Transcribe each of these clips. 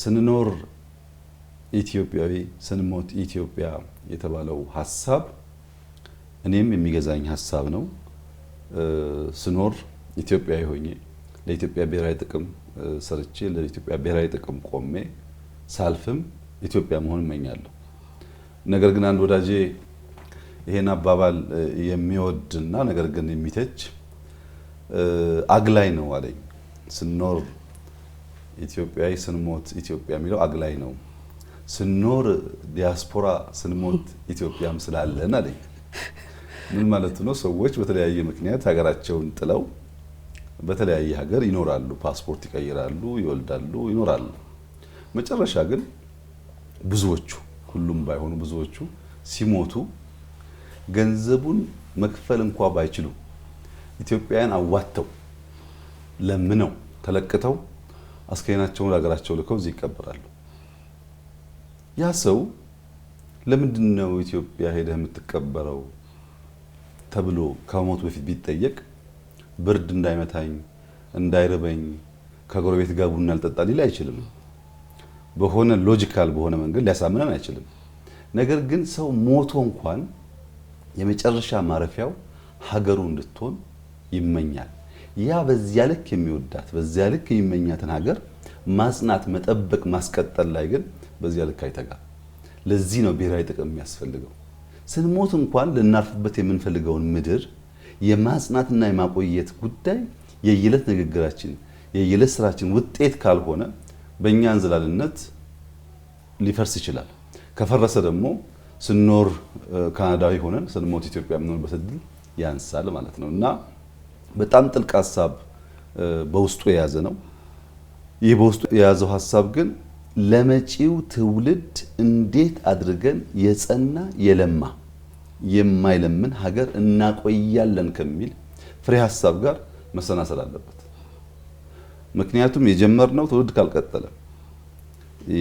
ስንኖር ኢትዮጵያዊ ስንሞት ኢትዮጵያ የተባለው ሀሳብ እኔም የሚገዛኝ ሀሳብ ነው። ስኖር ኢትዮጵያዊ ሆኜ ለኢትዮጵያ ብሔራዊ ጥቅም ሰርቼ ለኢትዮጵያ ብሔራዊ ጥቅም ቆሜ ሳልፍም ኢትዮጵያ መሆን እመኛለሁ። ነገር ግን አንድ ወዳጄ ይሄን አባባል የሚወድና ነገር ግን የሚተች አግላይ ነው አለኝ። ስኖር ኢትዮጵያዊ ስንሞት ኢትዮጵያ የሚለው አግላይ ነው። ስንኖር ዲያስፖራ ስንሞት ኢትዮጵያም ስላለን አለኝ። ምን ማለት ነው? ሰዎች በተለያየ ምክንያት ሀገራቸውን ጥለው በተለያየ ሀገር ይኖራሉ። ፓስፖርት ይቀይራሉ፣ ይወልዳሉ፣ ይኖራሉ። መጨረሻ ግን ብዙዎቹ ሁሉም ባይሆኑ ብዙዎቹ ሲሞቱ ገንዘቡን መክፈል እንኳ ባይችሉ ኢትዮጵያውያን አዋተው ለምነው ተለቅተው አስከሬናቸውን ለሀገራቸው ልከው እዚህ ይቀበራሉ። ያ ሰው ለምንድን ነው ኢትዮጵያ ሄደህ የምትቀበረው ተብሎ ከሞቱ በፊት ቢጠየቅ ብርድ እንዳይመታኝ እንዳይርበኝ ከጎረቤት ጋር ቡና አልጠጣ ሊል አይችልም። በሆነ ሎጂካል በሆነ መንገድ ሊያሳምነን አይችልም። ነገር ግን ሰው ሞቶ እንኳን የመጨረሻ ማረፊያው ሀገሩ እንድትሆን ይመኛል። ያ በዚያ ልክ የሚወዳት በዚያ ልክ የሚመኛትን ሀገር ማጽናት፣ መጠበቅ፣ ማስቀጠል ላይ ግን በዚያ ልክ አይተጋ። ለዚህ ነው ብሔራዊ ጥቅም የሚያስፈልገው። ስንሞት እንኳን ልናርፍበት የምንፈልገውን ምድር የማጽናትና የማቆየት ጉዳይ የየዕለት ንግግራችን የየዕለት ስራችን ውጤት ካልሆነ በእኛ እንዝላልነት ሊፈርስ ይችላል። ከፈረሰ ደግሞ ስኖር ካናዳዊ ሆነን ስንሞት ኢትዮጵያ የምንሆንበት እድል ያንሳል ማለት ነው እና በጣም ጥልቅ ሀሳብ በውስጡ የያዘ ነው። ይህ በውስጡ የያዘው ሀሳብ ግን ለመጪው ትውልድ እንዴት አድርገን የጸና የለማ የማይለምን ሀገር እናቆያለን ከሚል ፍሬ ሀሳብ ጋር መሰናሰል አለበት። ምክንያቱም የጀመርነው ትውልድ ካልቀጠለ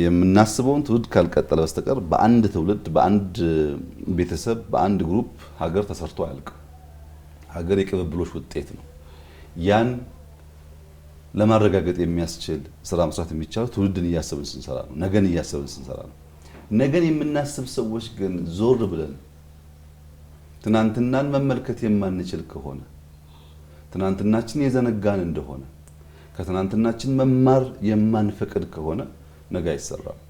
የምናስበውን ትውልድ ካልቀጠለ በስተቀር በአንድ ትውልድ፣ በአንድ ቤተሰብ፣ በአንድ ግሩፕ ሀገር ተሰርቶ አያልቅም። ሀገር የቅብብሎች ውጤት ነው። ያን ለማረጋገጥ የሚያስችል ስራ መስራት የሚቻለው ትውልድን እያሰብን ስንሰራ ነው። ነገን እያሰብን ስንሰራ ነው። ነገን የምናስብ ሰዎች ግን ዞር ብለን ትናንትናን መመልከት የማንችል ከሆነ ትናንትናችን የዘነጋን እንደሆነ ከትናንትናችን መማር የማንፈቅድ ከሆነ ነገ አይሰራም።